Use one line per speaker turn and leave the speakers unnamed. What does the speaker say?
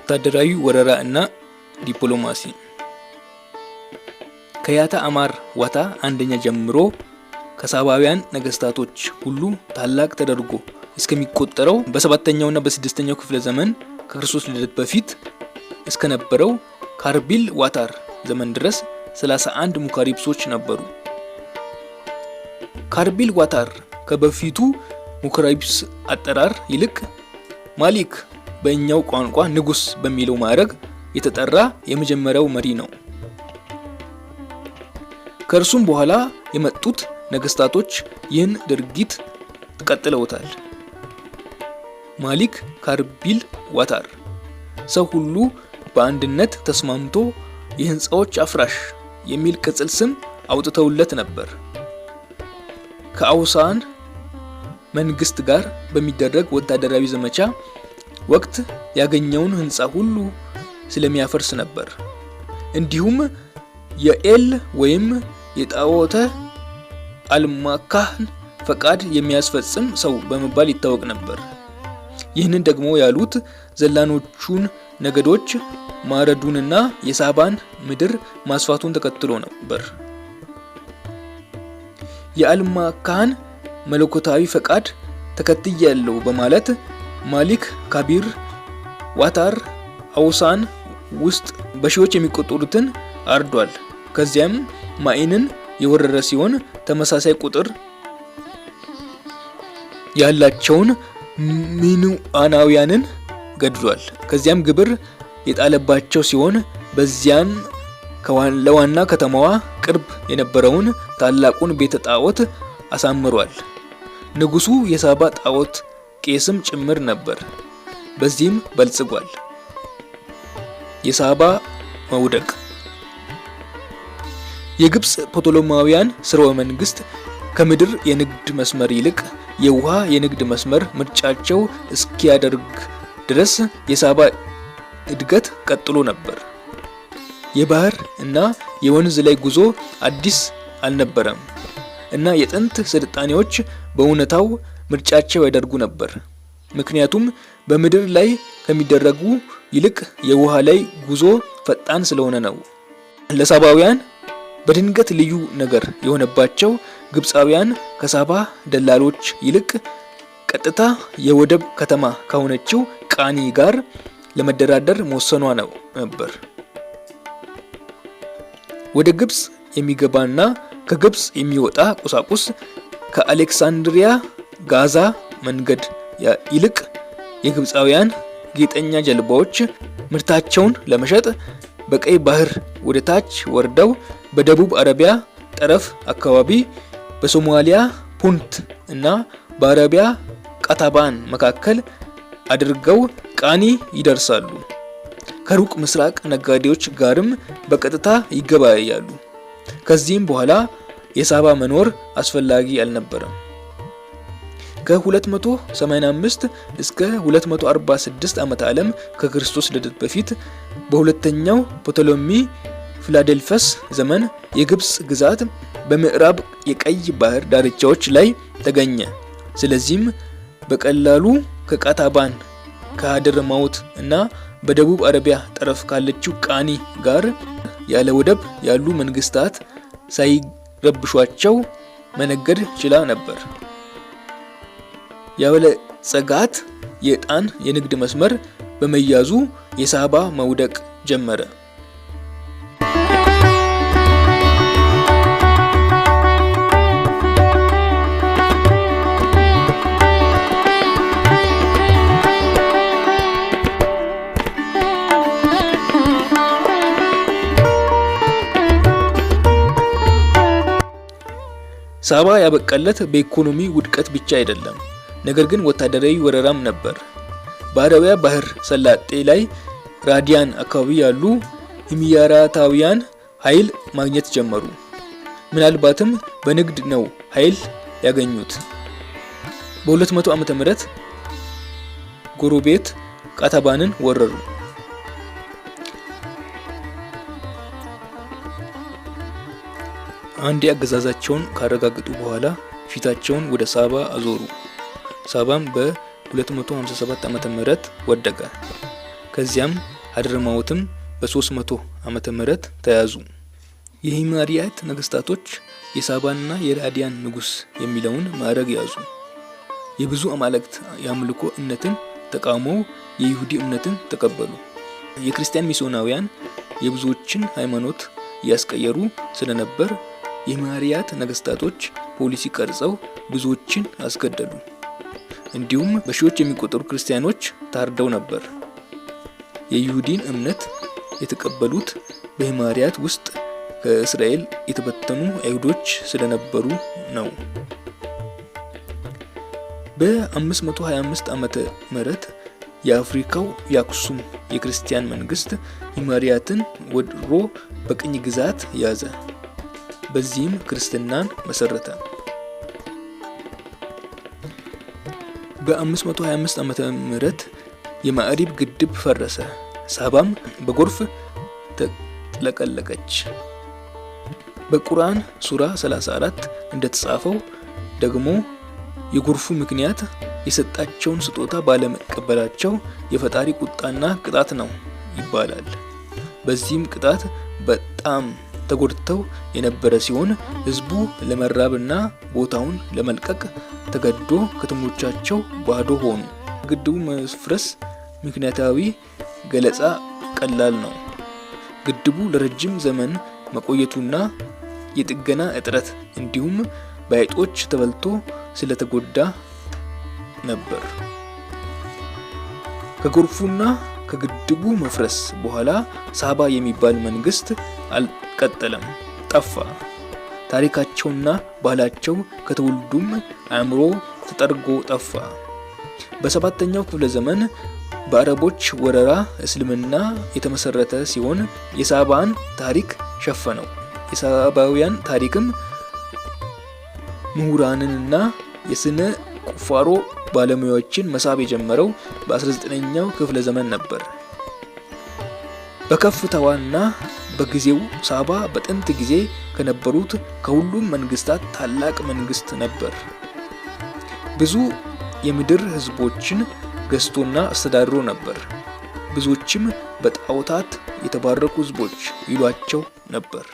ወታደራዊ ወረራ እና ዲፕሎማሲ ከያታ አማር ዋታ አንደኛ ጀምሮ ከሳባውያን ነገስታቶች ሁሉ ታላቅ ተደርጎ እስከሚቆጠረው በሰባተኛው እና በስድስተኛው ክፍለ ዘመን ከክርስቶስ ልደት በፊት እስከነበረው ካርቢል ዋታር ዘመን ድረስ 31 ሙካሪብሶች ነበሩ። ካርቢል ዋታር ከበፊቱ ሙካሪብስ አጠራር ይልቅ ማሊክ በእኛው ቋንቋ ንጉስ በሚለው ማዕረግ የተጠራ የመጀመሪያው መሪ ነው። ከእርሱም በኋላ የመጡት ነገስታቶች ይህን ድርጊት ቀጥለውታል። ማሊክ ካርቢል ዋታር ሰው ሁሉ በአንድነት ተስማምቶ የህንፃዎች አፍራሽ የሚል ቅጽል ስም አውጥተውለት ነበር። ከአውሳን መንግስት ጋር በሚደረግ ወታደራዊ ዘመቻ ወቅት ያገኘውን ህንፃ ሁሉ ስለሚያፈርስ ነበር። እንዲሁም የኤል ወይም የጣዖተ አልማካህን ፈቃድ የሚያስፈጽም ሰው በመባል ይታወቅ ነበር። ይህንን ደግሞ ያሉት ዘላኖቹን ነገዶች ማረዱንና የሳባን ምድር ማስፋቱን ተከትሎ ነበር። የአልማካህን መለኮታዊ ፈቃድ ተከትያለሁ በማለት ማሊክ ካቢር፣ ዋታር አውሳን ውስጥ በሺዎች የሚቆጠሩትን አርዷል። ከዚያም ማኢንን የወረረ ሲሆን ተመሳሳይ ቁጥር ያላቸውን ሚኑአናውያንን ገድሏል። ከዚያም ግብር የጣለባቸው ሲሆን በዚያም ለዋና ከተማዋ ቅርብ የነበረውን ታላቁን ቤተ ጣዖት አሳምሯል። ንጉሱ የሳባ ጣዖት ቄስም ጭምር ነበር። በዚህም በልጽጓል። የሳባ መውደቅ የግብፅ ፖቶሎማውያን ስርወ መንግስት ከምድር የንግድ መስመር ይልቅ የውሃ የንግድ መስመር ምርጫቸው እስኪያደርግ ድረስ የሳባ እድገት ቀጥሎ ነበር። የባህር እና የወንዝ ላይ ጉዞ አዲስ አልነበረም እና የጥንት ስልጣኔዎች በእውነታው ምርጫቸው ያደርጉ ነበር። ምክንያቱም በምድር ላይ ከሚደረጉ ይልቅ የውሃ ላይ ጉዞ ፈጣን ስለሆነ ነው። ለሳባውያን በድንገት ልዩ ነገር የሆነባቸው ግብፃውያን ከሳባ ደላሎች ይልቅ ቀጥታ የወደብ ከተማ ከሆነችው ቃኒ ጋር ለመደራደር መወሰኗ ነው ነበር። ወደ ግብፅ የሚገባና ከግብፅ የሚወጣ ቁሳቁስ ከአሌክሳንድሪያ ጋዛ መንገድ ይልቅ የግብፃውያን ጌጠኛ ጀልባዎች ምርታቸውን ለመሸጥ በቀይ ባህር ወደ ታች ወርደው በደቡብ አረቢያ ጠረፍ አካባቢ በሶማሊያ ፑንት እና በአረቢያ ቃታባን መካከል አድርገው ቃኒ ይደርሳሉ። ከሩቅ ምስራቅ ነጋዴዎች ጋርም በቀጥታ ይገበያያሉ። ከዚህም በኋላ የሳባ መኖር አስፈላጊ አልነበረም። ከ285 እስከ 246 ዓመተ ዓለም ከክርስቶስ ልደት በፊት በሁለተኛው ፖቶሎሚ ፊላዴልፈስ ዘመን የግብፅ ግዛት በምዕራብ የቀይ ባህር ዳርቻዎች ላይ ተገኘ። ስለዚህም በቀላሉ ከቃታባን ከሀደረማውት እና በደቡብ አረቢያ ጠረፍ ካለችው ቃኒ ጋር ያለ ወደብ ያሉ መንግስታት ሳይረብሿቸው መነገድ ችላ ነበር። ጸጋት የጣን የንግድ መስመር በመያዙ የሳባ መውደቅ ጀመረ። ሳባ ያበቃለት በኢኮኖሚ ውድቀት ብቻ አይደለም። ነገር ግን ወታደራዊ ወረራም ነበር። በአረቢያ ባህር ሰላጤ ላይ ራዲያን አካባቢ ያሉ ኢሚያራታውያን ኃይል ማግኘት ጀመሩ። ምናልባትም በንግድ ነው ኃይል ያገኙት። በ200 ዓመተ ምህረት ጎረቤት ቃታባንን ወረሩ። አንድ አገዛዛቸውን ካረጋገጡ በኋላ ፊታቸውን ወደ ሳባ አዞሩ። ሳባም በ257 ዓ ም ወደቀ። ከዚያም አድርማውትም በ300 ዓ ምህረት ተያዙ። የሂማሪያት ነገስታቶች የሳባና የራዲያን ንጉስ የሚለውን ማዕረግ ያዙ። የብዙ አማልክት የአምልኮ እምነትን ተቃውመው የይሁዲ እምነትን ተቀበሉ። የክርስቲያን ሚስዮናውያን የብዙዎችን ሃይማኖት እያስቀየሩ ስለነበር የሂማሪያት ነገስታቶች ፖሊሲ ቀርጸው ብዙዎችን አስገደሉ። እንዲሁም በሺዎች የሚቆጠሩ ክርስቲያኖች ታርደው ነበር። የይሁዲን እምነት የተቀበሉት በሂማርያት ውስጥ ከእስራኤል የተበተኑ አይሁዶች ስለነበሩ ነው። በ525 ዓመተ ምህረት የአፍሪካው የአክሱም የክርስቲያን መንግስት ሂማርያትን ወድሮ በቅኝ ግዛት ያዘ። በዚህም ክርስትናን መሰረተ። በ525 ዓመተ ምህረት የማዕሪብ ግድብ ፈረሰ። ሳባም በጎርፍ ተጥለቀለቀች። በቁርአን ሱራ 34 እንደተጻፈው ደግሞ የጎርፉ ምክንያት የሰጣቸውን ስጦታ ባለመቀበላቸው የፈጣሪ ቁጣና ቅጣት ነው ይባላል። በዚህም ቅጣት በጣም ተጎድተው የነበረ ሲሆን ህዝቡ ለመራብና ቦታውን ለመልቀቅ ተገዶ ከተሞቻቸው ባዶ ሆኑ። ግድቡ መፍረስ ምክንያታዊ ገለጻ ቀላል ነው። ግድቡ ለረጅም ዘመን መቆየቱና የጥገና እጥረት እንዲሁም በአይጦች ተበልቶ ስለተጎዳ ነበር። ከጎርፉና ከግድቡ መፍረስ በኋላ ሳባ የሚባል መንግስት አልቀጠለም፣ ጠፋ። ታሪካቸውና ባህላቸው ከትውልዱም አእምሮ ተጠርጎ ጠፋ። በሰባተኛው ክፍለ ዘመን በአረቦች ወረራ እስልምና የተመሰረተ ሲሆን የሳባን ታሪክ ሸፈነው። የሳባውያን ታሪክም ምሁራንንና የስነ ቁፋሮ ባለሙያዎችን መሳብ የጀመረው በ19ኛው ክፍለ ዘመን ነበር። በከፍታዋና በጊዜው ሳባ በጥንት ጊዜ ከነበሩት ከሁሉም መንግስታት ታላቅ መንግስት ነበር። ብዙ የምድር ህዝቦችን ገዝቶና አስተዳድሮ ነበር። ብዙዎችም በጣዖታት የተባረኩ ህዝቦች ይሏቸው ነበር።